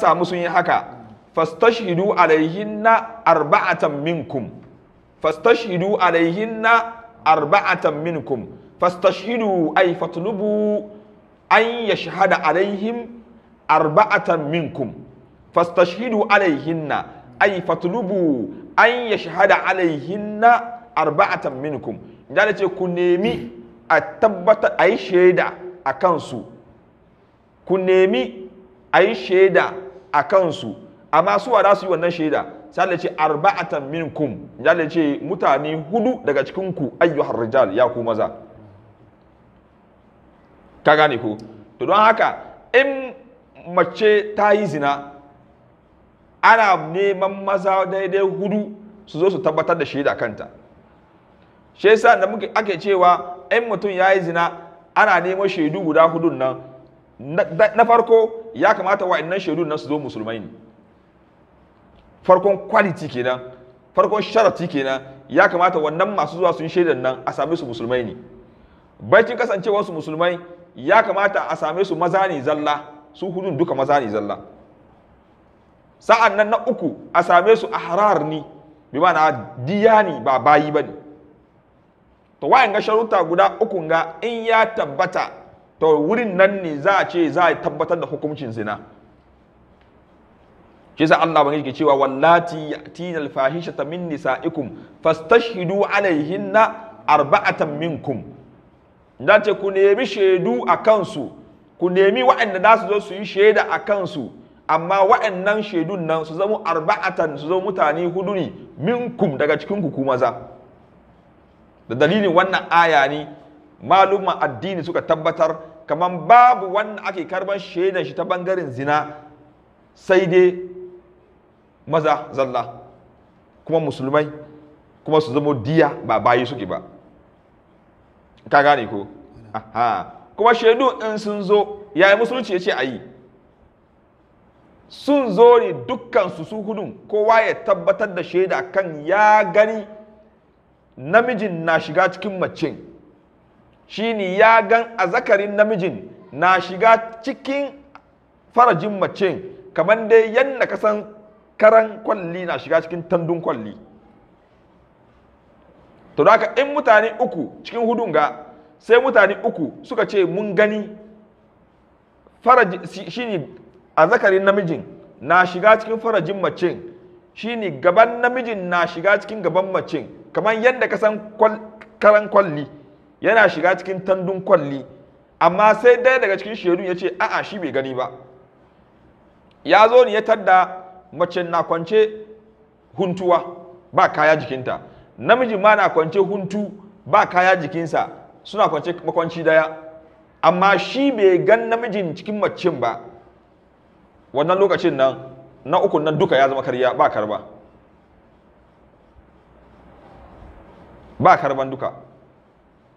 samu sun yi haka fastashhidu alaihinna arba'atan minkum fastashhidu alaihinna arba'atan minkum fastashhidu ay fatlubu an yashhada alaihim arba'atan minkum fastashhidu alaihinna ay fatlubu an yashhada alaihinna arba'atan minkum da ce ku nemi a tabbata a yi shaida a kansu ku nemi a yi shaida a kansu amma suwa za su yi wannan shaida sai ce arba'atan minkum Allah ce mutane hudu daga cikin ku ayyuhar rijal ya ku maza ka gane ku to don haka in mace ta yi zina ana neman maza daidai hudu su zo su tabbatar da shaida kanta shi yasa da muke ake cewa in mutum ya yi zina ana neman shaidu guda hudun nan na farko ya kamata wa wa'annan shaidu nan su zo musulmai ne farkon quality kenan farkon sharati kenan ya kamata wannan masu zuwa sun shaidan nan a same su musulmai ne baikin kasancewar su musulmai ya kamata a same su maza ne zalla su hudun duka maza ne zalla sa'an nan na uku a same su ahrar ni bi diya diyani ba bayi ba ne. to wayan ga sharuta guda ukun ga in ya tabbata to wurin nan ne za a ce za a tabbatar da hukuncin zina shi sa Allah bangiji ke cewa wallati yatinal ta min nisaikum fastashhidu alaihinna arba'atan minkum da ce ku nemi shaidu a kansu ku nemi waɗanda za su zo su yi shaida a kansu amma waɗannan shaidun nan su zama arba'atan su zama mutane hudu ne minkum daga cikin ku ku da dalilin wannan aya ne malumman addini suka tabbatar kamar babu wannan ake karban shaidan shi ta bangaren zina sai dai maza zalla kuma musulmai kuma su zama diya ba bayi suke ba ka gane ko aha kuma shaidu in sun zo yayi musulunci ya ce a yi sun zo ne dukkansu su hudun kowa ya tabbatar da shaida kan ya gani namijin na shiga cikin macen shine ya gan azakarin namijin na shiga cikin farajin mace kamar dai yadda ka san karan kwalli na shiga cikin tandun kwalli to da in mutane uku cikin hudun ga sai mutane uku suka ce mun gani faraji shine azakarin namijin na shiga cikin farajin mace shine gaban namijin na shiga cikin gaban mace kamar yadda ka san karan kwalli yana shiga cikin tandun kwalli amma sai ɗaya daga cikin shaidun ya ce a'a shi bai gani ba ya zo ne ya tadda mace na kwance huntuwa ba kaya jikinta namiji ma na kwance huntu ba kaya jikinsa suna kwance makwanci daya amma shi bai gan namijin cikin macin ba wannan lokacin nan na ukun nan duka ya zama karya ba karba ba karban duka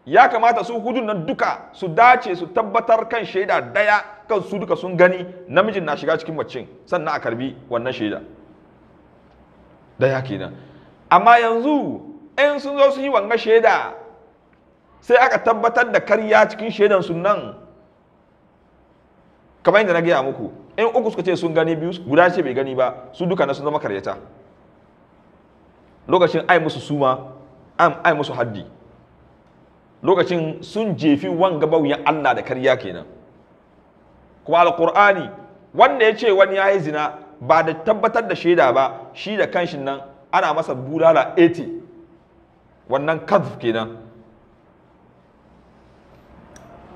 ya kamata su hudun nan duka su dace su tabbatar kan shaida daya kan su duka sun gani namijin na shiga cikin macin sannan a karbi wannan shaida daya kenan amma yanzu in sun zo sun yi wanga shaida sai aka tabbatar da karya cikin shaidan sunan nan kamar yadda na gaya muku in uku suka ce sun gani biyu guda ce bai gani ba su duka na sun zama karyata lokacin ai musu suma ai musu haddi lokacin sun jefi wanga bauyin Allah da karya kenan kuma alqur'ani wanda ya ce wani ya yi zina ba da tabbatar da shaida ba shi da kanshin nan ana masa bulala 80 wannan kadhf kenan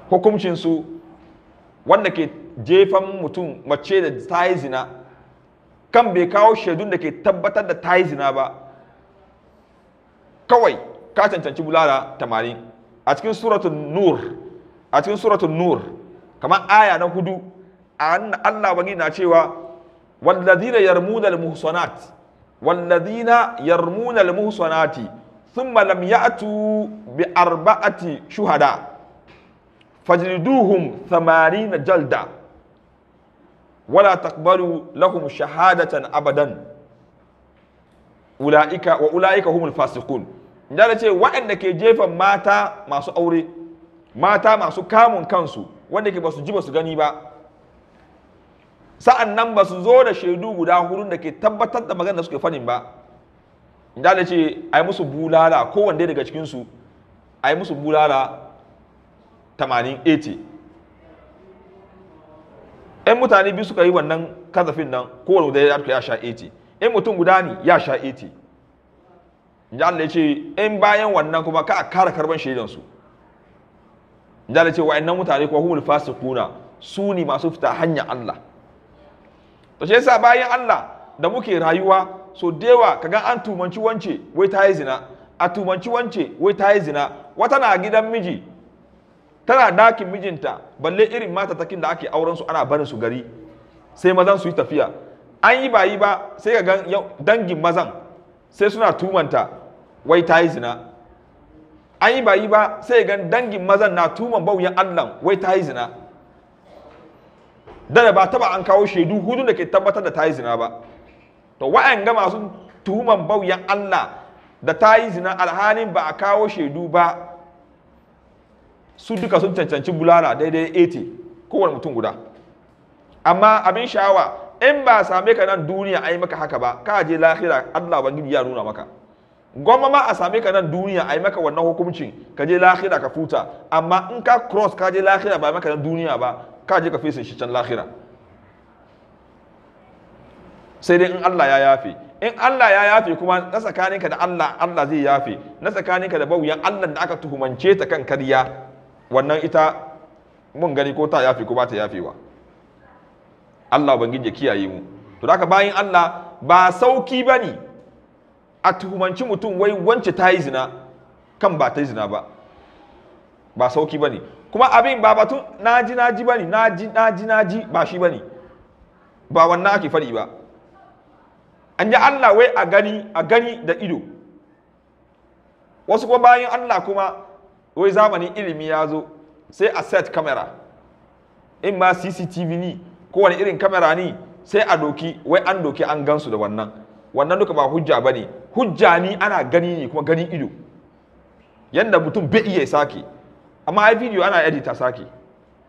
hukuncinsu wanda ke jefan mutum mace da ta yi zina kan bai kawo shaidun da ke tabbatar da ta yi zina ba kawai ka cancanci bulala tamanin a cikin suratul nur a cikin suratul nur kamar aya na hudu an Allah bangi na cewa walladina yarmuna almuhsanat walladina yarmuna muhsanati thumma lam yaatu bi arba'ati shuhada fajliduhum 80 jalda ولا تقبلوا لهم شهادة أبدا أولئك وأولئك هم الفاسقون da da ce waɗanda ke jefa mata masu aure mata masu kamun kansu wanda ke ba su ji ba su gani ba sa'an nan ba su zo da shaidu guda hudun da ke tabbatar da magana da suke fanin ba da da ce a yi musu bulala kowanne daga cikinsu a yi musu bulala 80 'yan mutane biyu suka yi wannan kazafin nan kowane da ya sha 80 'yan mutum guda ne ya sha 80 inda Allah ce in bayan wannan kuma ka a kara karban shaidansu su Allah ya ce wa'annan mutane kuma humul fasiquna su ne masu fita hanyar Allah to shi yasa bayan Allah da muke rayuwa so dewa gan an tumanci wance wai ta yi zina a tumanci wance wai ta yi zina wata na gidan miji tana dakin mijinta balle irin mata takin da ake auren su ana barin su gari sai mazan su yi tafiya an yi bayi ba sai ka ga dangin mazan sai suna tumanta wai ta yi zina an yi ba yi ba sai gan dangin mazan na tuman bauyan allah wai ta yi zina dana ba taba an kawo shaidu hudu da ke tabbatar da ta yi zina ba to wa'an ga masu tuhuman bauyan allah da ta yi zina alhalin ba a kawo shaidu ba su duka sun cancanci bulala daidai 80 kowane mutum guda amma abin sha'awa in ba same ka nan duniya a yi maka haka ba ka je lahira Allah ubangiji ya nuna maka goma ma a same ka nan duniya a yi maka wannan hukuncin ka je lahira ka futa amma in ka cross ka je lahira ba maka nan duniya ba ka je ka fesa shi can lahira sai dai in Allah ya yafe in Allah ya yafe kuma na tsakaninka da Allah Allah zai yafe na tsakaninka da bauyan Allah da aka tuhumance ta kan karya wannan ita mun gani ko ta yafe ko ba ta yafewa Allah ubangiji ya kiyaye mu to daka bayan Allah ba sauki ne a tuhumanci mutum wai wance ta yi zina kan ba ta yi zina ba ba sauki ne. kuma abin ba batun naji naji na naji naji naji ba shi ba ne. ba wannan ake faɗi ba an ji Allah wai a gani a gani da ido wasu kuma bayan Allah kuma wai zamanin ilimi ya zo sai a set camera in ma CCTV ne kowane irin kamera ni sai a doki wai an doki an gansu da wannan wannan duka ba hujja ba ne hujja ni ana gani ne kuma gani ido yadda mutum bai iya sake amma ai video ana edita sake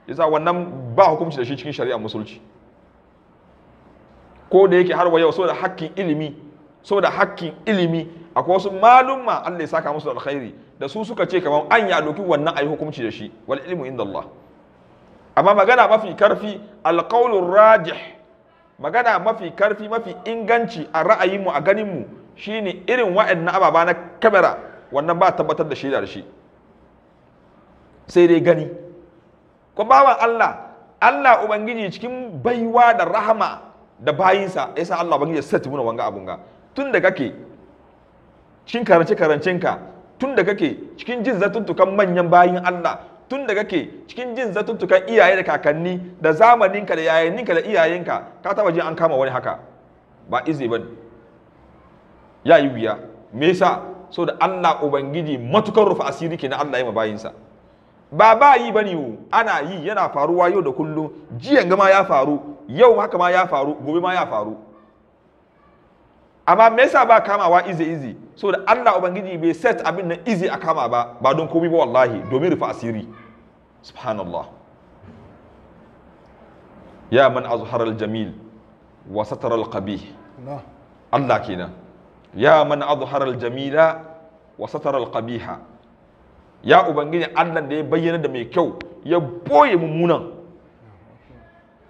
yasa wannan ba hukunci da shi cikin shari'a musulci ko da yake har wa yau saboda hakkin ilimi saboda hakkin ilimi akwai wasu malumma Allah ya saka musu alkhairi da su suka ce kamar an ya doki wannan yi hukunci da shi wal ilmu inda Allah amma magana mafi karfi alƙaulun rajih magana mafi karfi mafi inganci a ra'ayinmu a ganinmu shine irin na ababa na kamera wannan ba tabbatar da shi da shi sai dai gani ko bawan Allah Allah ubangiji cikin baiwa da rahama da bayinsa ya sa Allah ubangiji ya sati muna wanga abun ga tun da kake cin karance karancenka tun da kake cikin jin zatuntukan manyan bayin Allah tun da kake cikin jin zatuttukan iyaye da kakanni da zamaninka da yayaninka da iyayenka ka taba jin an kama wani haka ba izi ba ya yi wuya me yasa so da Allah ubangiji matukar rufa asiri ke na Allah ya bayinsa ba ba yi bane wo ana yi yana faruwa yau da kullum jiyan gama ya faru yau haka ma ya faru gobe ma ya faru amma me yasa ba kamawa izi izi saboda Allah ubangiji bai set abin nan easy a kama ba ba don komi ba wallahi domin rufa asiri subhanallah ya man azhar al-jamil wa satar al-qabih Allah kenan ya man azhar al-jamila wa satar al-qabiha ya ubangiji Allah da ya bayyana da mai kyau ya boye mummunan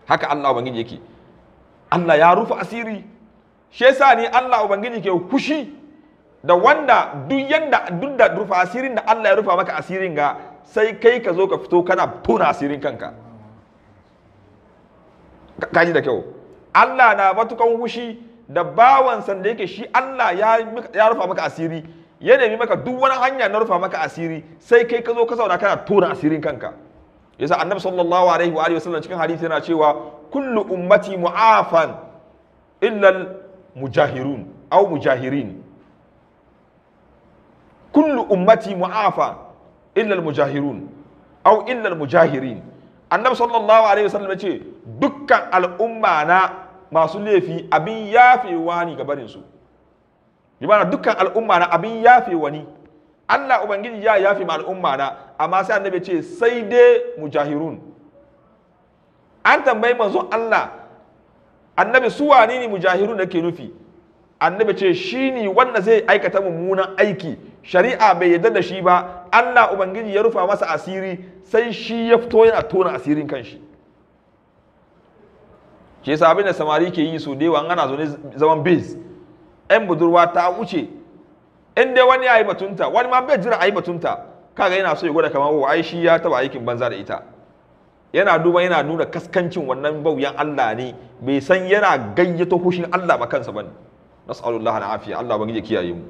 haka Allah ubangiji yake Allah ya rufe asiri shi yasa ne Allah ubangiji ke kushi da wanda duk yanda duk da rufa asirin da Allah ya rufa maka asirin ga sai kai ka zo ka fito kana tona asirin kanka kaji da kyau Allah na matukan hushi da bawan sanda yake shi Allah ya rufa maka asiri ya nemi maka duk wani hanya na rufa maka asiri sai kai ka zo ka zauna kana tona asirin kanka yasa annabi sallallahu alaihi wa alihi wasallam cikin hadisi yana cewa kullu ummati mu'afan illa mujahirun aw mujahirin kullu ummati mu'afa illa al-mujahirun aw illa mujahirin annabi sallallahu alaihi wasallam ce dukkan al'umma na masu laifi abin yafewa ne ga barin su dukkan al'umma na abin yafewa ne Allah ubangiji ya yafe ma al'umma na amma sai annabi ce sai dai mujahirun an tambayi manzon Allah annabi su wane ne mujahirun da ke nufi annabi ce shi ne wanda zai aikata mummunan aiki shari'a bai yarda da shi ba Allah ubangiji ya rufa masa asiri sai shi ya fito yana tona asirin kanshi Ke sa abin da samari ke yi su dewa ana zo ne zaman base? yan budurwa ta wuce in dai wani yi batunta wani ma bai jira a yi batunta kaga yana so ya gwada kamar wa oh, ai shi ya taba aikin banza da ita yana duba yana nuna kaskancin wannan bauyan Allah ne bai san yana gayyato hushin Allah ba kansa bane ne. al'afiya Allah kiyaye mu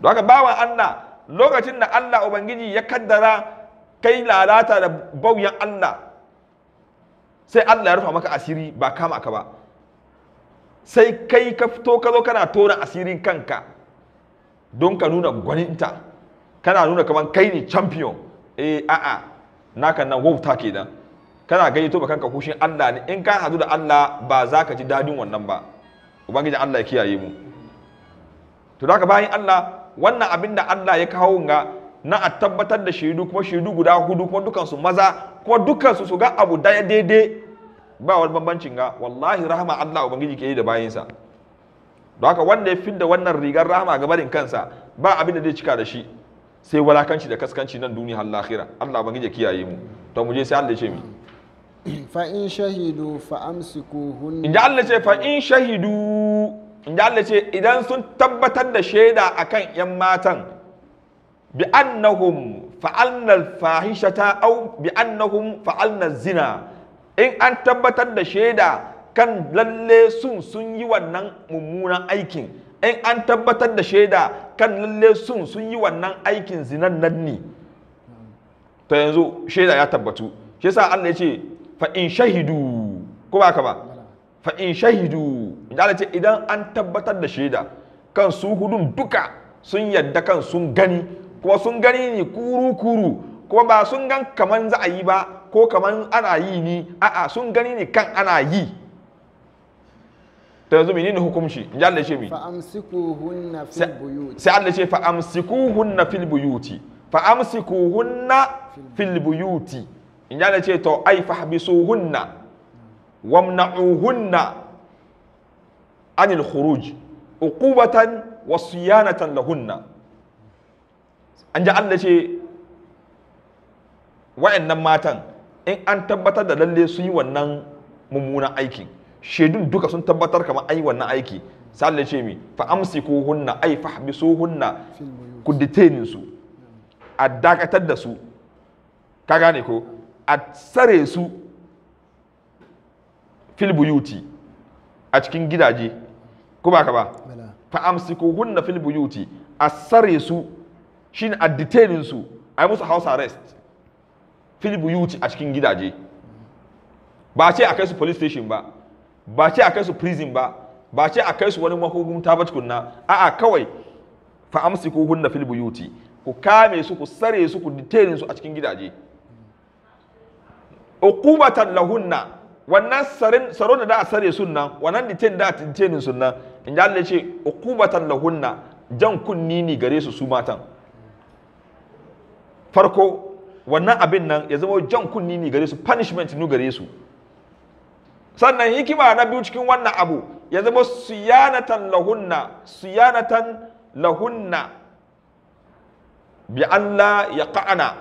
don haka bawan Allah lokacin da Allah ubangiji ya kaddara kai lalata da bauyan Allah sai Allah ya rufa maka asiri ba kama ka ba sai kai ka fito ka zo kana tona asirin kanka don ka nuna gwaninta kana nuna kamar kai ne champion eh a'a naka nan wauta kenan kana gani to kanka kushin Allah ne in ka hadu da Allah ba za ka ji dadin wannan ba ubangiji Allah ya kiyaye mu to da bayan Allah wannan abin da Allah ya kawo ga na a tabbatar da shaidu kuma shaidu guda hudu kuma dukansu maza kuma dukansu su ga abu daya daidai ba wani bambancin ga wallahi rahama Allah ubangiji ke yi da bayinsa don haka wanda ya fidda wannan rigar rahama ga barin kansa ba abin da zai cika da shi sai walakanci da kaskanci nan duniya har lahira Allah ubangiji ya kiyaye mu to mu je sai Allah ya ce mi fa in shahidu fa amsikuhun idan Allah ce fa in shahidu inda Allah ce idan sun tabbatar da shaida a kan yan matan bi annahum fa'alna al-fahishata au bi annahum fa'alna zina in an tabbatar da shaida kan lalle sun sun yi wannan mummunan aikin in an tabbatar da shaida kan lalle sun sun yi wannan aikin zinan nan ne ta yanzu shaida ya tabbatu shi sa Allah ya ce fa’in shahidu ko ba ka ba fa’in shahidu misali ce idan an tabbatar da shaida kan su hudun duka sun yadda kan sun gani kuma sun gani ne kuru kuru kuma ba sun gan kaman za a yi ba ko kaman ana yi ni a'a sun gani ne kan ana yi ta yanzu menene hukumshi in ji Allah ce mi fil buyuti sai Allah ce fa'amsiku hunna fil buyuti fa amsikuhunna fil buyuti in ji Allah ce to ai hunna wamna'u hunna. anil khuruj uqubatan wa siyanatan lahunna an ja Allah ce wa'annan matan in an tabbatar da lalle su yi wannan mumuna aiki shaidun duka sun tabbatar kamar ai wannan aiki sai Allah ce mi fa amsiku hunna ai fahbisu hunna kuditeninsu su a da su ka gane ko a tsare su fil buyuti a cikin gidaje ko ba ka ba fa amsikuhunna fil buyuti asare su shine a detaining su ai musu house arrest fil buyuti a cikin gidaje ba ce a kai su police station ba ba ce a kai su prison ba ba ce a kai su wani mahukunta ba a a'a kawai fa amsikuhunna fil buyuti ku kame su ku sare su ku detain su a cikin gidaje uqubatan lahunna wannan sarin saro da a sare sunna wannan detain da detain sunna in ji Allah ce da lahunna jan kunni ne gare su su matan farko wannan abin nan ya zama jan kunni ne gare su punishment nu gare su sannan hikima na biyu cikin wannan abu ya zama siyanatan lahunna siyanatan lahunna bi Allah ya ka'ana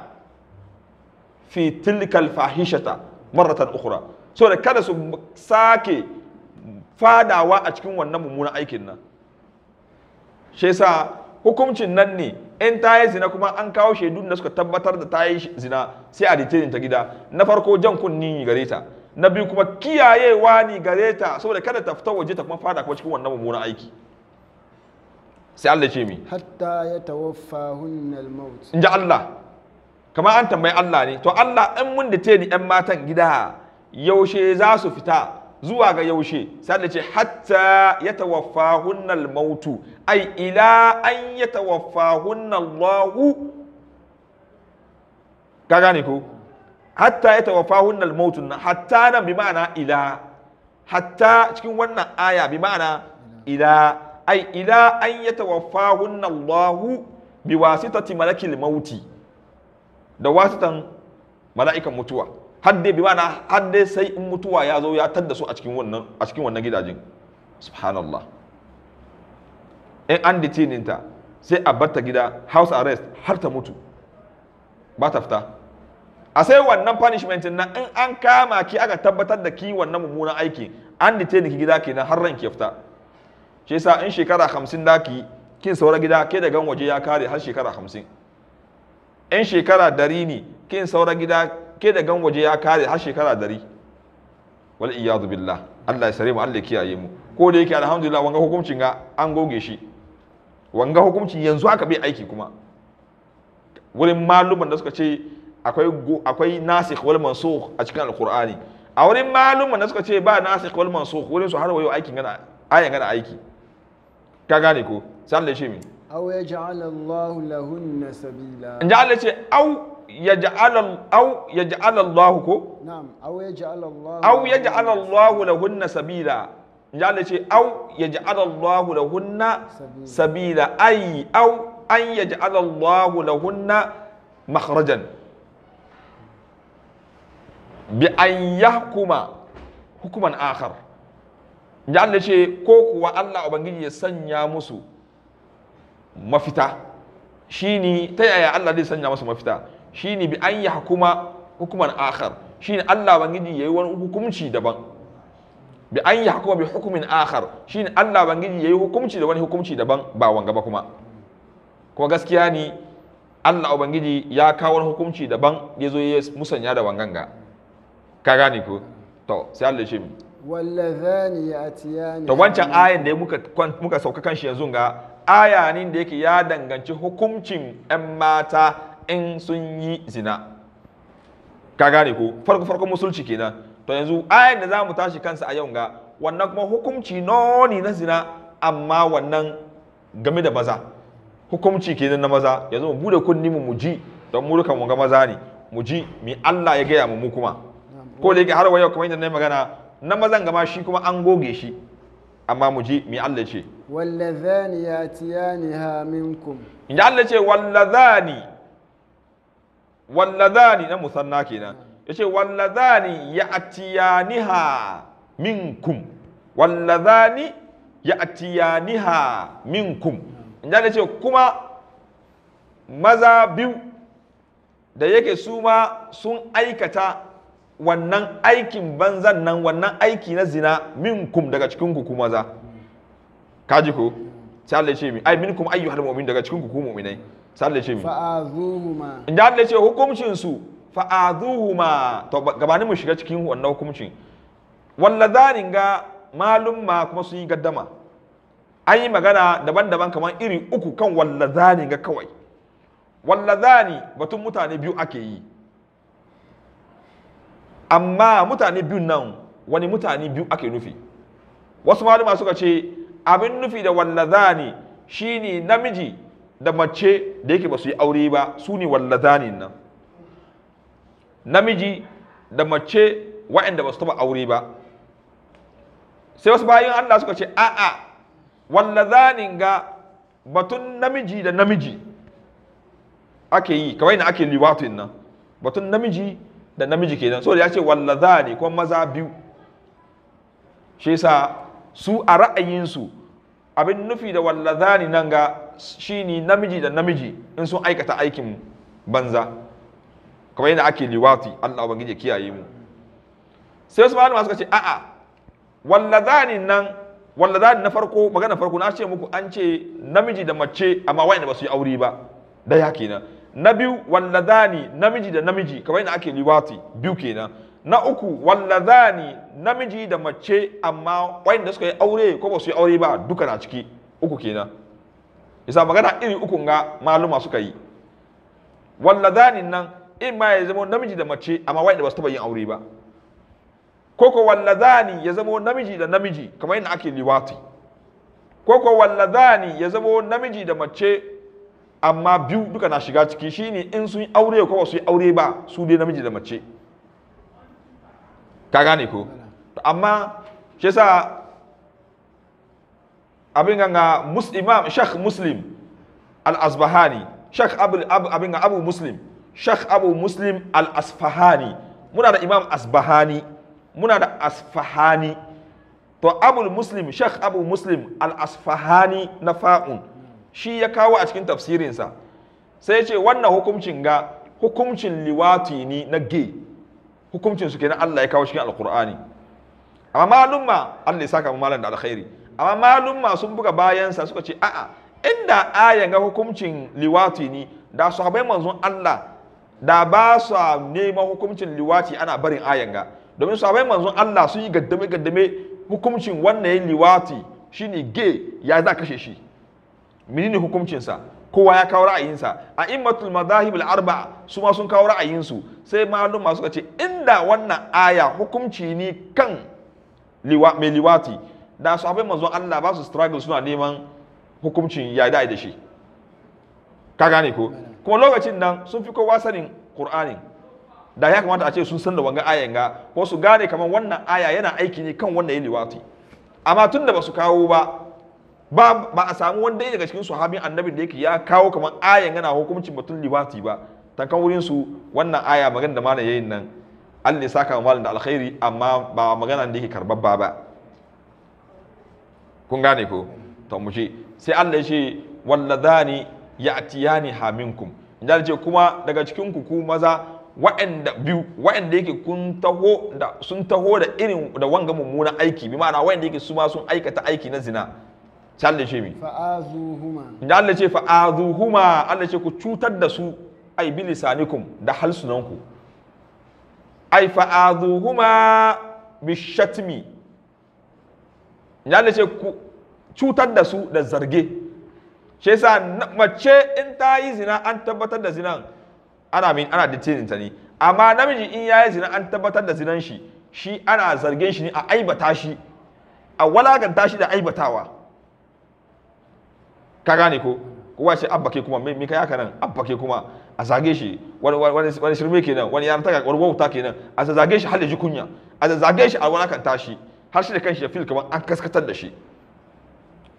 fi tilkal fahishata maratan ukhra so da kada su sake fadawa a cikin wannan mummunan aikin nan shi yasa hukuncin nan ne in ta yi zina kuma an kawo shaidun da suka tabbatar da ta yi zina sai a retainin ta gida na farko jan kunni gare ta na biyu kuma kiyayewa ni gare ta saboda kada ta fita waje ta kuma fada kuma cikin wannan mummunan aiki sai Allah ce mi hatta ya tawaffa hunnal maut in ji Allah kamar an tambayi Allah ne to Allah in mun da ni yan matan gida yaushe za su fita zuwa ga yaushe sai da ce hatta ya hunnal mautu ai ila an ya hunnal lahu. ka gane ko hatta ya hunnal mautu na hatta nan bi ma'ana ila hatta cikin wannan aya bi ma'ana ila ai ila an ya hunnal lahu bi wasitati malakil mauti da wasitan mala'ikan mutuwa hadde bi mana hadde sai in mutuwa ya zo ya tadda su a cikin wannan a cikin wannan gidajen subhanallah in an detaining ta sai a barta gida house arrest har ta mutu ba ta fita a sai wannan punishment na in an kama ki aka tabbatar da ki wannan mummunan aiki an detaining ki gida kenan har ranki ya fita shi yasa in shekara 50 daki kin saura gida ke da gan waje ya kare har shekara 50 in shekara dari ne kin saura gida ke da gangwaje ya kare har shekara dari wal iyadu billah Allah ya sare mu Allah ya kiyaye mu ko da yake alhamdulillah wanga hukuncin ga an goge shi wanga hukuncin yanzu aka bai aiki kuma wurin maluman da suka ce akwai akwai nasikh wal mansukh a cikin alqur'ani a wurin maluman da suka ce ba nasikh wal mansukh wurin su har wayo aikin gana ayan gana aiki ka gane ko sai Allah ya ce min aw yaj'alallahu lahunna sabila in ja Allah ce yaj'al Allah ko na'am aw yaj'al lahunna sabila ya ce au ya ji alallahu da hunna sabila ai au an ya ji alallahu da hunna makarajan bi an ya hukuman akhar ya ce ko kuwa Allah Ubangiji ya sanya musu mafita shi ne ta yaya Allah zai sanya musu mafita shine bi an yi yahkuma hukuman akhar shine Allah bangiji yayi wani hukumci daban bi an yi yahkuma bi hukumin akhar shine Allah bangiji yayi hukumci da wani hukumci daban ba wanga ba kuma kuma gaskiya ne Allah ubangiji ya kawo wani hukumci daban ya zo ya musanya da wanganga ka gane ko to sai Allah shi wallazani ya'tiyani to wancan ayan da muka muka sauka kan shi yanzu ga aya ne da yake ya danganci hukuncin 'yan mata in sun yi zina ka gane ko farko farko musulci kenan to yanzu ayin da za mu tashi kansa a yau ga wannan kuma hukumci noni na zina amma wannan game da maza hukumci kenan na maza yanzu mu bude kunni mu ji don mu rukan ga maza ne mu ji mi Allah ya gaya mu mu kuma ko da yake har wayo kuma kamar na magana na mazan gama shi kuma an goge shi amma mu ji mi Allah ce wallazani yatiyaniha minkum inda Allah ce wallazani wallazani na musanna kenan yace wallazani ya'tiyaniha minkum wallazani ya'tiyaniha minkum inda da ce kuma maza biyu da yake su ma sun aikata wannan aikin banzan nan wannan aiki na zina minkum daga cikin ku maza kaji ko sai Allah ya ce min ai minkum ayyuhal mu'min daga cikin ku mu'minai sai da ce mi fa'azuhuma inda ce hukuncin su fa'azuhuma to gabanin mu shiga cikin wannan hukuncin wallazanin ga malum ma kuma sun yi gaddama an yi magana daban-daban kamar iri uku kan wallazani ga kawai wallazani batun mutane biyu ake yi amma mutane biyu nan wani mutane biyu ake nufi wasu maluma suka ce abin nufi da wallazani shine namiji da mace da yake ba su yi aure ba su ne wallazani nan namiji da mace wa'anda ba su taba aure ba sai wasu bayan Allah suka ce a'a wallazanin ga batun namiji da namiji ake yi kawai na ake liwatin nan batun namiji da namiji kenan so da ya ce wallazani kuma maza biyu shi sa su a ra'ayinsu abin nufi da wallazani nan ga shi ne namiji da namiji in sun aikata aikin banza kamar yadda ake liwati Allah ubangiji kiyaye mu sai su malama suka ce a'a walladani nan ni na farko magana farko na ce muku an ce namiji da mace amma wayanda ba su yi aure ba da ya kenan na biyu ni namiji da namiji kamar yadda ake liwati biyu kenan na uku ni namiji da mace amma wayanda suka yi aure ko ba su yi aure ba duka na ciki uku kenan yasa magana iri ukun ga maluma suka yi walladanin nan in ma ya zama namiji da mace amma wanda ba su taba yin aure ba Koko walla ya zama namiji da namiji kamar yadda ake liwati Koko walla ya zama namiji da mace amma biyu duka na shiga ciki shine in sun aure ko ba yi aure ba su dai namiji da mace ka gane ko amma shi yasa abin ga imam shak muslim al-asbahani shak abu abin ga abu muslim shak abu muslim al-asfahani muna da imam asbahani muna da asfahani to abu muslim shak abu muslim al-asfahani na fa'un shi ya kawo a cikin tafsirinsa sai ya ce wannan hukuncin ga hukuncin liwati ni na ge hukuncin su kenan Allah ya kawo cikin alkur'ani amma malumma Allah ya saka malam da alkhairi amma malumma sun buga bayansa suka ce a'a inda ayan ga hukuncin liwati ne da sahabbai manzon Allah da ba su neman hukuncin liwati ana barin ayan ga domin sahabbai manzon Allah sun yi gaddame gaddame hukuncin wannan yin liwati shine gay ya za kashe shi menene sa kowa ya kawo ra'ayinsa a immatul madahib al-arba'a su ma sun kawo ra'ayinsu sai malum suka ce inda wannan aya hukunci ne kan mai liwati da su sahabbai manzon Allah ba su struggle suna neman hukuncin ya da da shi ka gane ko kuma lokacin nan sun fi kowa sanin Qur'anin da ya kamata a ce sun san da wanga ayan ga ko su gane kamar wannan aya yana aiki ne kan wannan liwati amma tun da ba su kawo ba ba a samu wanda daga cikin sahabin annabin da yake ya kawo kamar ayan yana hukuncin batun liwati ba tankan wurin su wannan aya magana da mana yayin nan Allah ya saka malam da alkhairi amma ba magana da yake karbabba ba kun gane ko to mu shi sai Allah ya ce walladani ya'tiyani ha minkum inda ce kuma daga cikin ku ku maza wa'anda biyu wa'anda yake kun taho da sun taho da irin da wanga mummunan aiki bi ma'ana wa'anda yake su ma sun aikata aiki na zina sai Allah ya ce mi fa'azuhuma inda Allah ya ce fa'azuhuma Allah ya ce ku cutar da su ai bilisanikum da halsunanku ai fa'azuhuma bishatmi ya ce ku cutar da su da zarge shi yasa mace in ta yi zina an tabbatar da zinan ana min ana detaining ta ne amma namiji in ya yi zina an tabbatar da zinan shi shi ana zargin shi ne a aibata shi a walakanta shi da aibatawa ka gane ko kowa ce abbake kuma me kai haka nan abbake kuma a zage shi wani shirme kenan wani yaran ta wani wauta kenan a zage shi har da kunya a zage shi a walakanta shi har shi da kanshi ya fil kamar an kaskatar da shi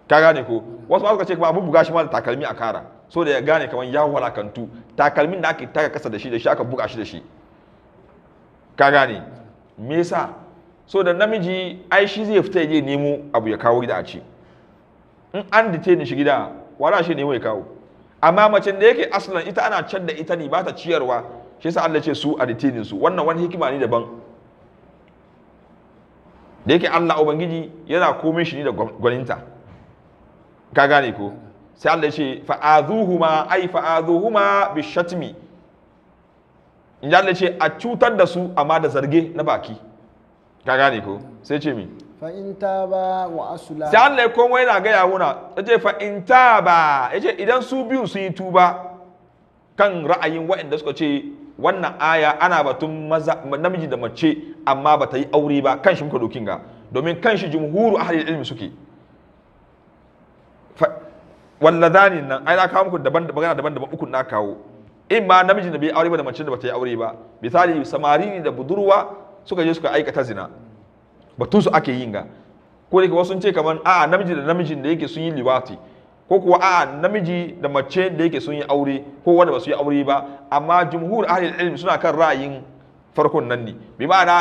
ka gane ko wasu ma suka ce kuma abin buga shi ma da takalmi a kara so da ya gane kamar ya walakantu takalmin da ake taka kasa da shi da shi aka buga shi da shi ka gane me yasa so da namiji ai shi zai fita je nemo abu ya kawo gida a ci in an dite ni shi gida wala shi ne ya kawo amma macen da yake aslan ita ana can da ita ne ba ta ciyarwa shi yasa Allah ce su a dite su wannan wani hikima ne daban da yake Allah ubangiji yana komai shi ne da gwaninta ka gane ko sai Allah ya ce fa'azuhuma ai fa'azuhuma bi shatmi in ji Allah ya ce a cutar da su amma da zarge na baki ka gane ko sai ce mi fa'inta ba wa asula sai Allah ya komo yana gaya wuna ya ce fa'inta ba ya ce idan su biyu su yi tuba kan ra'ayin waɗanda suka ce wannan aya ana batun maza namiji da mace amma bata yi aure ba kanshi muka dokin ga domin kanshi jumhuru ahlul ilmi suke walladani nan ai na kawo muku daban magana daban-daban uku na kawo in ma namiji da bai aure ba da mace da bata yi aure ba misali samari da budurwa suka je suka aikata zina batun su ake yin ga ko da wasu sun ce kaman a namiji da namijin da yake sun yi liwati ko kuwa a namiji da mace da yake sun yi aure ko wanda ba su yi aure ba amma jumhur ahlul ilm suna kan ra'ayin farkon nan ne bi ma'ana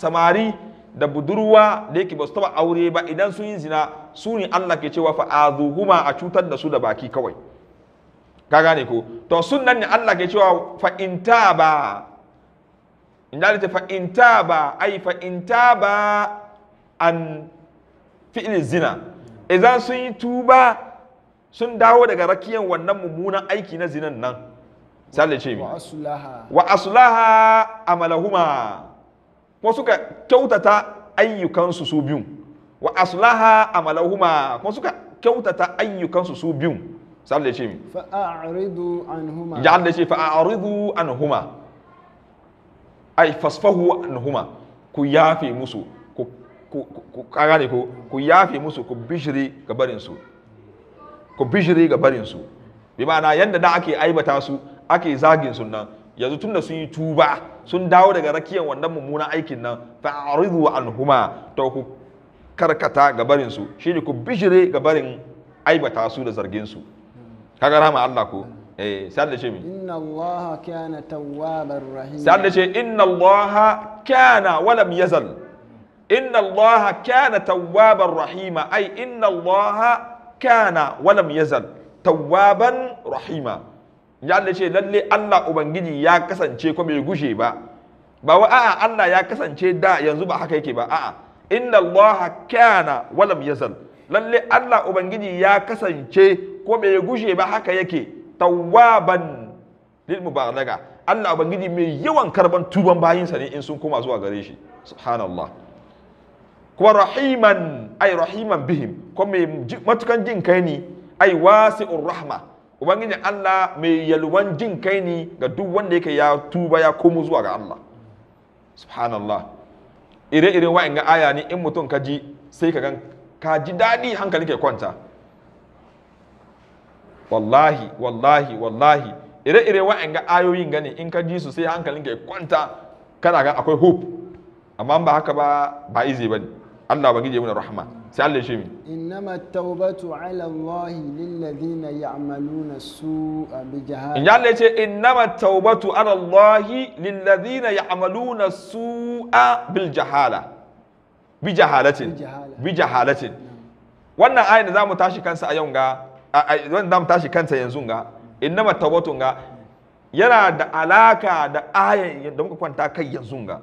samari da budurwa da yake ba su taba aure ba idan sun yi zina su ne Allah ke cewa fa'azuhuma a cutar da su da baki kawai ka gane ko to sunnan ne Allah ke cewa fa in taba in da fa in taba ai fa in taba an fi'il zina idan sun yi tuba sun dawo daga rakiyan wannan mummunan aiki na zinan nan sai ce mi wa aslaha amalahuma kuma suka kyautata ayyukansu su biyun wa aslaha amalahuma kuma suka kyautata ayyukansu su biyun sai da ce mi fa'aridu anhuma ya da ce fa'aridu anhuma ai fasfahu anhuma ku yafe musu ku ku ku ku yafe musu ku bishiri gabarin su ku bishire ga barin su bi ma'ana yanda da ake aibata su ake zagin su nan yanzu tunda sun yi tuba sun dawo daga rakiyar wannan mummunan aikin nan fa'aridu anhuma to ku karkata ga barin su shine ku bishire ga barin aibata su da zargin su kaga rahama Allah ko eh sai da ce mi inna Allah kana tawwabar rahim sai da ce inna Allah kana yazal inna Allah kana tawwabar rahima ai inna Allah kana walam yazal tawwaban rahima ya Allah ce lalle Allah ubangiji ya kasance ko bai gushe ba ba wa a'a Allah ya kasance da yanzu ba haka yake ba a'a inna Allah kana walam yazal lalle Allah ubangiji ya kasance ko bai gushe ba haka yake tawwaban lil mubalaga Allah ubangiji mai yawan karban tuban bayinsa ne in sun koma zuwa gare shi subhanallah kuma rahiman ai rahiman bihim ko mai matukan jin kai ne ai wasi'ur rahma ubangiji Allah mai yalwan jin kai ne ga duk wanda yake ya tuba ya komo zuwa ga Allah subhanallah ire-iren wa'anga aya ne in mutum ka sai ka gan ka ji daɗi hankali ke kwanta wallahi wallahi wallahi ire-ire wa'anga ayoyin gani in ka ji su sai hankalin ke kwanta kana ga akwai hope amma ba haka ba ba izi bane Allah ba gije mana rahama sai Allah shi mi innama tawbatu ala Allah lil ladina ya'maluna su'a bi jahala in Allah ce innama tawbatu ala Allah lil ladina ya'maluna su'a bil jahala bi jahalatin bi jahalatin wannan ayin da zamu tashi kansa a yau ga wannan zamu tashi kansa yanzu ga innama tawbatu ga yana da alaka da ayin da muka kwanta kai yanzu ga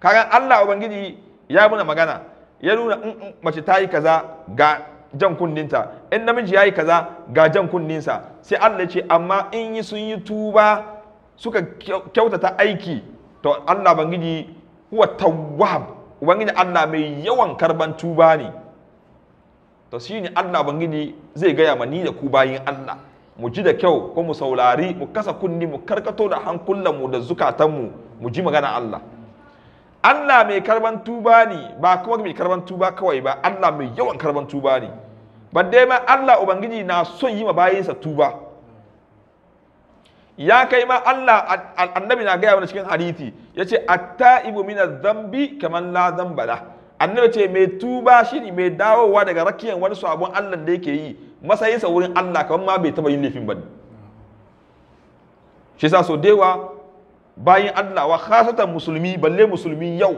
kaga Allah ubangiji ya yi mana magana ya nuna mm, mm, mace ta yi kaza ga jan kunninta in namiji ya yi kaza ga jan kunninsa sai Allah ce amma in yi sun yi tuba suka kyautata aiki to Allah bangiji huwa tawwab ubangiji Allah mai yawan karban tuba ne to shi ne Allah bangiji zai gaya ma ni da ku bayin Allah mu ji da kyau ko mu saurari mu kasa kunni mu karkato da hankulanmu da zukatanmu mu ji magana Allah Allah mai karban tuba ne ba kuma mai karban tuba kawai ba Allah mai yawan karban tuba ne ba dai ma Allah ubangiji na son yi ma bayinsa tuba ya kai ma Allah annabi na gaya wani cikin hadithi yace ce taibu min adh-dhanbi kaman la dhanba annabi ce mai tuba shine mai dawowa daga rakiyan wani sabon Allah da yake yi masayinsa wurin Allah kamar ma bai taba yin laifin ba shi sa so bayin Allah wa khasatan musulmi balle musulmi yau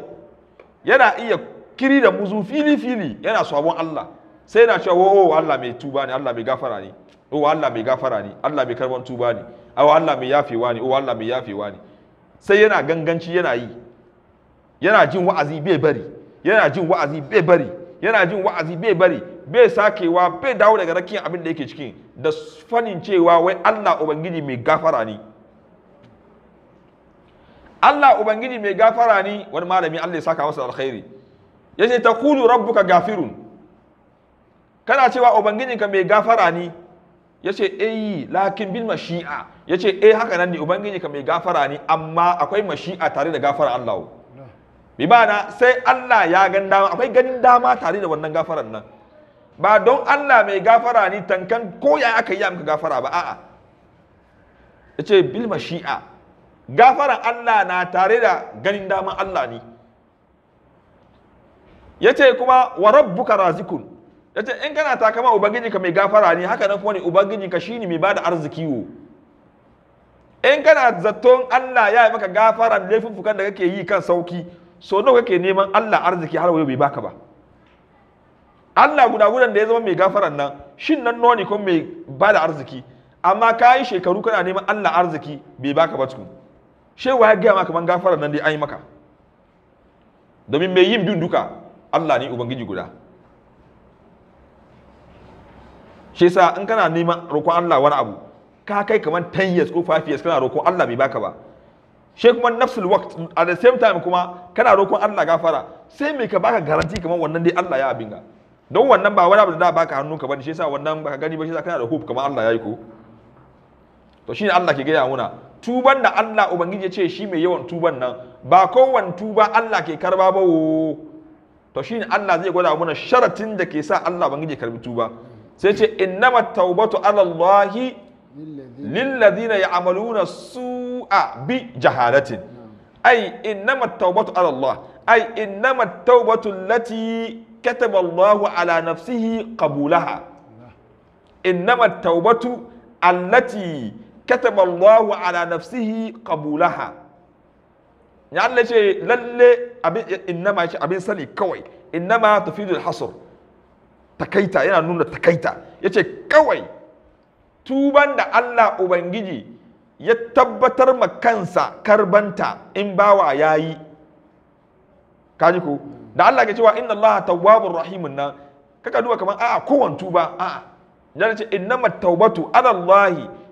yana iya kiri da muzu fili fili yana sabon Allah sai yana cewa o oh, oh, Allah mai tuba ne Allah mai gafara ne o oh, Allah mai gafara ne Allah mai karban tuba ne o Allah mai yafewa ne o Allah mai yafewa ne sai yana ganganci yana yi yana jin wa'azi bai bari yana jin wa'azi bai bari yana jin wa'azi bai bari bai sakewa bai dawo daga rakiyar abin da yake cikin da fanin cewa wai Allah ubangiji mai gafara ne Allah ubangiji mai gafara ni wani malami Allah ya saka masa alkhairi yace kulu rabbuka gafirun kana cewa ubangijinka mai gafara ni yace eh lakin bil mashi'a yace eh haka nan ne ka mai gafara ni amma akwai mashi'a tare da gafara Allah bi bana sai Allah ya gan dama akwai ganin dama tare da wannan gafaran nan ba don Allah mai gafara ni tankan ko ya aka yi amka gafara ba a'a yace bil mashi'a gafaran Allah na tare da ganin daman Allah ne Ya ce kuma wa rabbuka razikun ce in kana takama ubangiji ka mai gafara ne haka nan kuma ne ubangiji ka shine mai bada arziki wo in kana zaton Allah ya yi maka gafara laifuffukan da kake yi kan sauki so nawa kake neman Allah arziki har wayo bai baka ba Allah guda gudan da ya zama mai gafara nan shin nan noni kuma mai bada arziki amma ka yi shekaru kana neman Allah arziki bai baka ba tukun shewa ya gaya maka man gafara nan dai an yi maka domin mai yin bin duka Allah ne ubangiji guda shi sa in kana neman roƙon Allah wani abu ka kai kamar 10 years ko 5 years kana roƙon Allah bai baka ba shi kuma nafsul waqt at the same time kuma kana roƙon Allah gafara sai mai ka baka garanti kamar wannan dai Allah ya abinga don wannan ba wani abu da baka hannu ka bane shi sa wannan baka gani ba shi sa kana da hope kamar Allah ya yi ko to shine Allah ke gaya muna tuban da Allah ubangiji ya ce shi mai yawan tuban nan ba kowane tuba Allah ke karba ba wo to ne Allah zai gwada mana sharatin da ke sa Allah ubangiji ya karbi tuba sai ce innama taubatu ala ya amaluna su su'a bi jahalatin ai innama taubatu ala Allah ai innama taubatu lati kataba ala nafsihi qabulaha innama taubatu allati kataba Allahu ala nafsihi qabulaha ya Allah ce lalle abin sani kawai innama tufidul hasr takaita yana nuna takaita yace kawai tuban da Allah ubangiji ya tabbatar ma kansa karbanta in bawa yayi kaji ko da Allah ke cewa inna Allah tawwabur rahimun nan kaka duba kaman a'a kowan tuba a'a yana ce innamat ala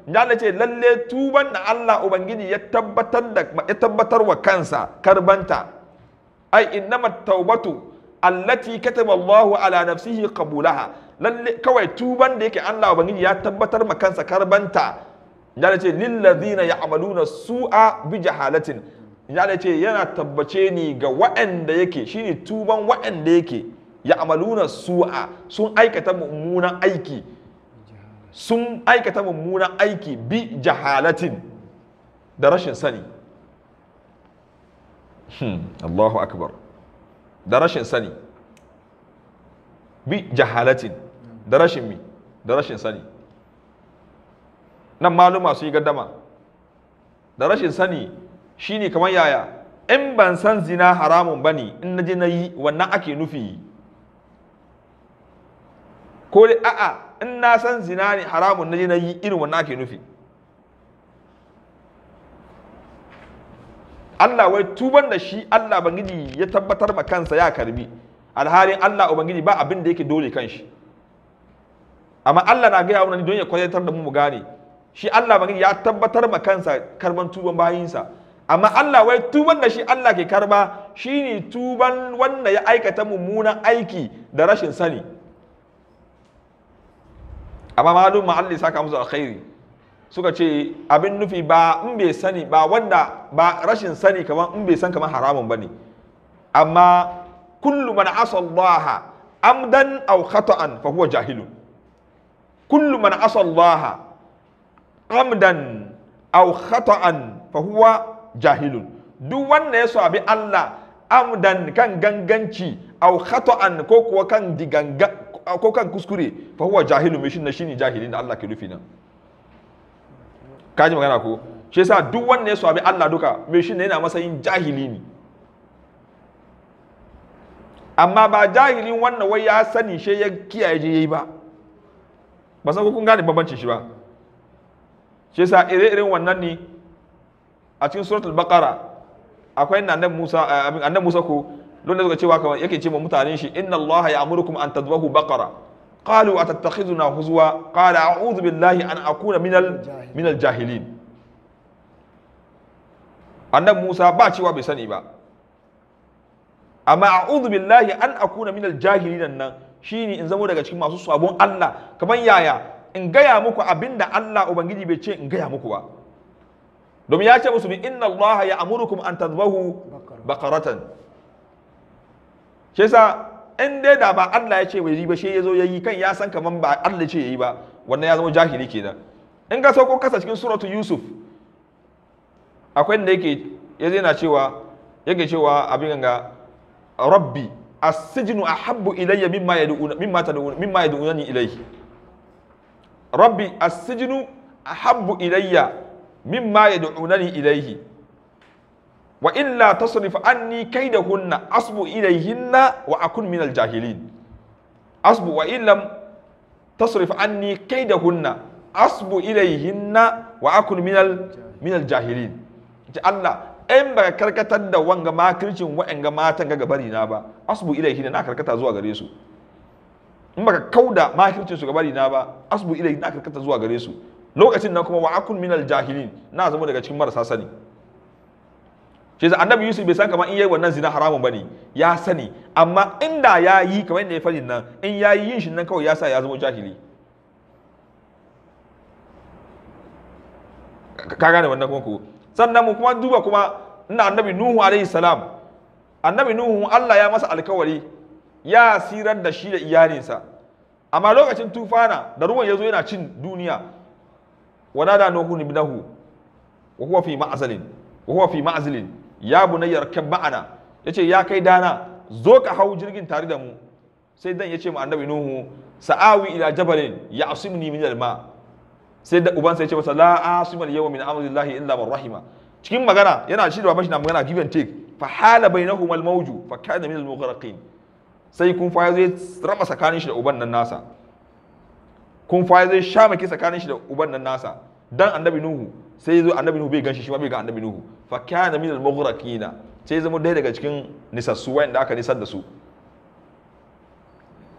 inda Allah ce lalle tuban da Allah ubangiji ya tabbatar da ya tabbatar wa kansa karbanta ai innamat taubatu allati kataba Allahu ala nafsihi qabulaha lalle kawai tuban da yake Allah ubangiji ya tabbatar ma kansa karbanta inda Allah ce lillazina ya'maluna su'a bi jahalatin inda Allah ce yana tabbace ni ga waɗanda yake shine tuban waɗanda yake ya'maluna su'a sun aikata mummunan aiki sun aikata mummunan aiki bi jahalatin da rashin sani hmm, Allahu akbar da rashin sani bi jahalatin da rashin mi da rashin sani nan maluma su yi gaddama da rashin sani shine kamar yaya in ban san zina haramun bane in na je na yi wannan ake nufi ko dai a'a in na san zina ne haramun na na yi irin wannan ake nufi Allah wai tuban da shi Allah bangiji ya tabbatar ma kansa ya karbi alhalin Allah ubangiji ba abin da yake dole kan shi amma Allah na gaya wani don ya kwayatar da mu mu gane shi Allah bangiji ya tabbatar ma kansa karban tuban bayinsa amma Allah wai tuban da shi Allah ke karba shine tuban wanda ya aikata mummunan aiki da rashin sani amma malum sa saka musu alkhairi suka ce abin nufi ba in bai sani ba wanda ba rashin sani kamar in bai san kamar haramun bane amma kullu man asa Allah amdan aw khata'an fa huwa jahilun kullu man asa Allah amdan aw khata'an fa huwa jahilun duk wanda ya sabi Allah amdan kan ganganci aw khata'an ko kuwa kan diganga ko kan kuskure fa huwa jahilu mishin na shine jahilin da Allah ke rufi nan kaji magana ko shi yasa duk wanda ya sami Allah duka mishin yana masayin jahili ne amma ba jahilin wannan wai ya sani shi ya kiyaye je yayi ba ba san ko kun gane babancin shi ba shi yasa ire-iren wannan ne a cikin suratul baqara akwai annabi Musa eh, annabi Musa ko don da suka cewa kamar yake ce ma mutanen shi inna allaha ya'murukum an tadbahu baqara qalu atattakhizuna huzwa qala a'udhu billahi an akuna minal minal jahilin annabi Musa ba cewa bai sani ba amma a'udhu billahi an akuna minal jahilin nan shine in zamo daga cikin masu sabon Allah kamar yaya in gaya muku abinda Allah ubangiji bai ce in gaya muku ba domin ya ce musu bi inna allaha ya'murukum an tadbahu baqaratan shi yasa in dai da ba Allah ya ce bai yi ba shi ya zo ya yi kan ya san kaman ba Allah ce ya yi ba wannan ya zama jahili kenan in ka sauko kasa cikin suratu Yusuf akwai inda yake ya zai cewa yake cewa abin ganga rabbi as-sijnu ahabbu ilayya mimma yad'una mimma tad'una mimma yad'unani ilayhi rabbi as-sijnu ahabbu ilayya mimma yad'unani ilayhi wa illa tasrif anni kaidahunna asbu ilayhinna wa akun minal jahilin asbu wa illam tasrif anni kaidahunna asbu ilayhinna wa akun minal minal jahilin ji Allah in ba karkatar da wanga makircin wa'anga matan ga gabari na ba asbu ilayhinna na karkata zuwa gare su in baka kauda makircin su gabari na ba asbu ilayhinna na karkata zuwa gare su lokacin nan kuma wa akun minal jahilin na zama daga cikin marasa sani shi za annabi yusuf bai san kamar in yi wannan zina haramun ba ne. ya sani amma inda ya yi kamar yadda ya fari nan in ya yi yin shi nan kawai ya sa ya zama jahili ka gane wannan kuma ko sannan mu kuma duba kuma ina annabi nuhu alaihi salam annabi nuhu Allah ya masa alkawari ya sirar da shi da iyalinsa amma lokacin tufana da ruwan ya zo yana cin duniya wanada nuhu ibnahu wa huwa fi ma'zalin wa huwa fi ma'zalin ya bunayya rakkab ma'ana ce ya kai dana zo ka hau jirgin tare da mu sai dan ya ce mu annabi nuhu sa'awi ila jabalin ya'simni min al sai da uban sai ya ce masa la asima al-yawma min amrillahi illa man rahima cikin magana yana shi da babashi na magana give and take fa hala bainahuma al-mawju fa kana min al-mughraqin sai kun fa zai raba tsakanin shi da uban nan nasa kun fa zai sha maki tsakanin shi da uban nan nasa dan annabi nuhu sai zo annabi nuhu bai ganshi shi ma bai ga annabi nuhu fa kana min al-mughraqina sai zama dai daga cikin nisassu wanda aka nisar da su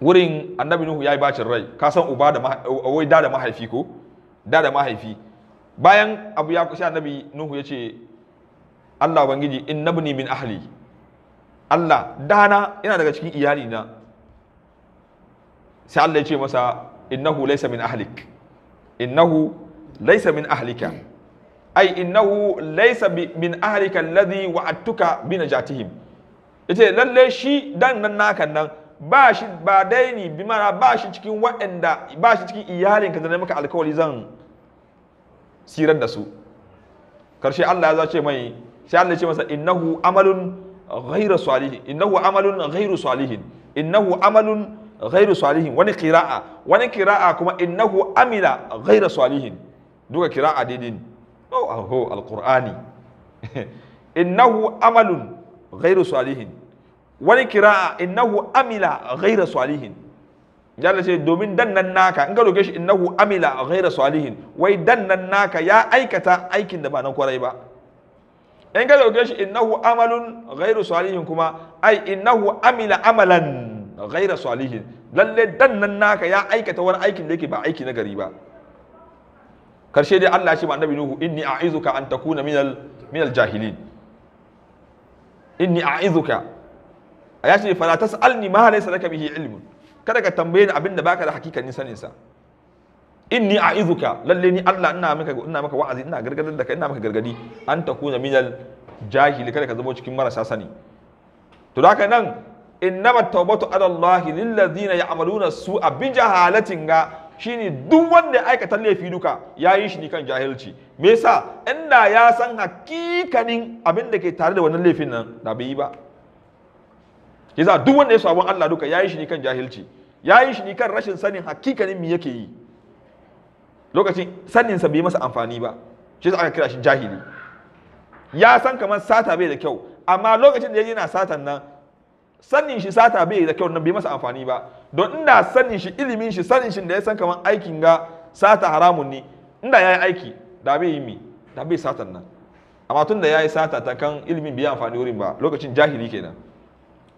wurin annabi nuhu yayi bacin rai ka san uba da wai da da mahaifi ko da da mahaifi bayan abu ya kusa annabi nuhu ya ce Allah ubangiji innabni min ahli Allah dana yana daga cikin iyali na sai Allah ya ce masa innahu laysa min ahlik innahu laysa min ahlika ai innahu laysa min ahlika alladhi wa'adtuka bi najatihim yace lalle shi dan nan nakan nan ba shi ba dai ni bi mana ba shi cikin wa'anda ba shi cikin iyalinka da maka alkawari zan sirar da su karshe Allah ya zace mai sai Allah ya ce masa innahu amalun ghairu salih innahu amalun ghairu salih innahu amalun ghairu salih wani qira'a wani qira'a kuma innahu amila ghairu salih duka qira'a daidai oh aho oh, oh, alqur'ani innahu amalun ghairu salihin wani kira'a innahu amila ghairu salihin jalla ce domin dan naka in ka doke shi innahu amila ghairu salihin wai dan nan naka ya aikata aikin da ba nan kwarai ba in ka doke shi innahu amalun ghairu salihin kuma ai innahu amila amalan ghairu salihin lalle dan nan naka ya aikata wani aikin da yake ba aiki na gari ba karshe dai Allah shi ma annabi nuhu inni a'izuka an takuna minal minal jahilin inni a'izuka Aya ce fala tas'alni ma laysa laka bihi ilmun kada ka tambaye ni abinda baka da hakikanin sanin sa inni a'izuka lalle ni Allah ina maka ina maka wa'azi ina gargadar da kai ina maka gargadi an takuna minal jahili kada ka zama cikin marasa sani to da haka nan innama tawbatu ala Allah lil ladina ya'maluna su'a bi jahalatin ga shine duk wanda aikata laifi duka ya yi shi ne kan jahilci me yasa inda ya san hakikanin abin da ke tare da wannan laifin nan da bai yi ba yasa duk wanda ya sabon Allah duka ya yi shi ne kan jahilci ya yi shi ne kan rashin sanin hakikanin me yake yi lokacin sanin sa bai masa amfani ba shi yasa aka kira shi jahili ya san kamar sata bai da kyau amma lokacin da ya yana satan nan sanin shi sata bai da kyau nan bai masa amfani ba don inda sanin shi ilimin shi sanin shi da ya san kamar aikin ga sata haramun ne inda ya yi aiki da bai yi mi da bai satan nan amma tun da ya yi sata ta kan ilimin biya amfani wurin ba lokacin jahili kenan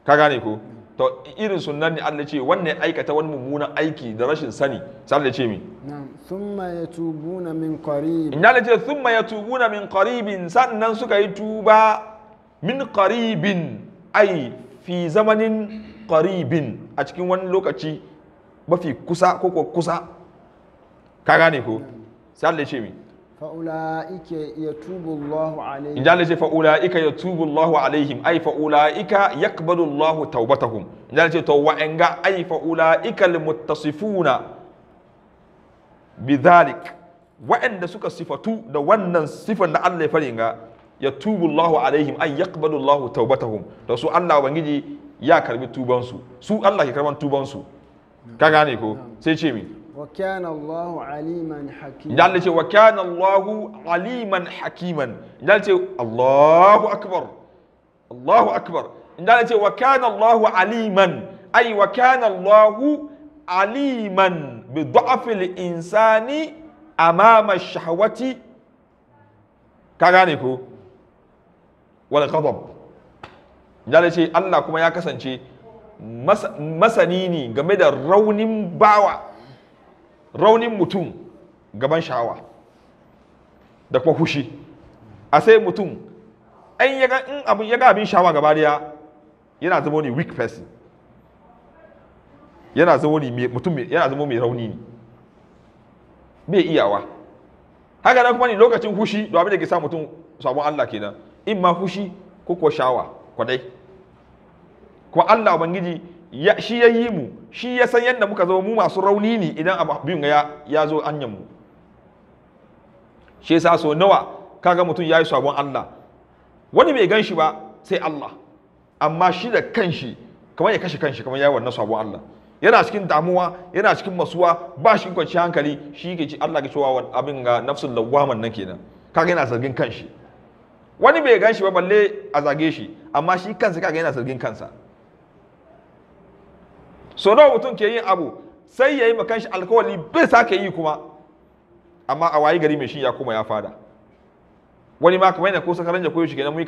ka gane ko to irin sunan ne Allah ce wannan aikata wani mummunan aiki da rashin sani sai Allah ce mi thumma yatubuna min qarib inna Allah ce thumma yatubuna min qaribin sannan suka yi tuba min qaribin ai fi zamanin qaribin a cikin wani lokaci mafi kusa ko ko kusa ka gane ko sai Allah ya ce mi fa'ula'ika yatubu Allahu alaihim inda Allah ya ce fa'ula'ika yatubu Allahu alaihim ai fa'ula'ika yaqbalu Allahu tawbatahum inda Allah ya ce to ga ai fa'ula'ika almuttasifuna bidhalik wa'anda suka sifatu da wannan sifan da Allah ya faringa yatubu Allahu alaihim ai yaqbalu Allahu tawbatahum da su Allah ubangiji ya karbi tubansu su Allah ke karban tubansu ka gane ko sai ce mi wa kana Allahu aliman hakiman dan ce wa kana Allahu aliman hakiman dan ce Allahu akbar Allahu akbar dan ce wa kana Allahu aliman Ai wa kana Allahu aliman bi dha'fil insani amama shahwati ka gane ko wal ghadab ya ce Allah kuma ya kasance masani ne game da raunin bawa raunin mutum gaban sha'awa da kuma hushi a sai mutum an yaga ga abin sha'awa gaba daya yana zama ne weak person yana zama ne mutum yana zama mai rauni ne mai iyawa haka nan kuma ne lokacin hushi domin da ke sa mutum sabon Allah kenan in ma hushi ko kuwa shawa kwadai kuma Allah ubangiji ya shi ya yi mu shi ya san yadda muka zama mu masu rauni ne idan abu biyun ya ya zo anyan mu shi yasa so nawa kaga mutum yayi sabon Allah wani bai gan ba sai Allah amma shi da kanshi kamar ya kashe kanshi kamar yayi wannan sabon Allah yana cikin damuwa yana cikin masuwa ba shi kwanci hankali shi ke ci Allah ke cewa abin ga nafsul lawaman nan kenan kaga yana zargin kanshi wani bai gan ba balle a zage shi amma shi kansa kaga yana zargin kansa so nawa mutum ke yin abu sai ya yi makanshi alkawali bai sake yi kuma amma a wayi gari mai shi ya kuma ya fada wani ma kamar yana ko sakaran ko koyo shi kenan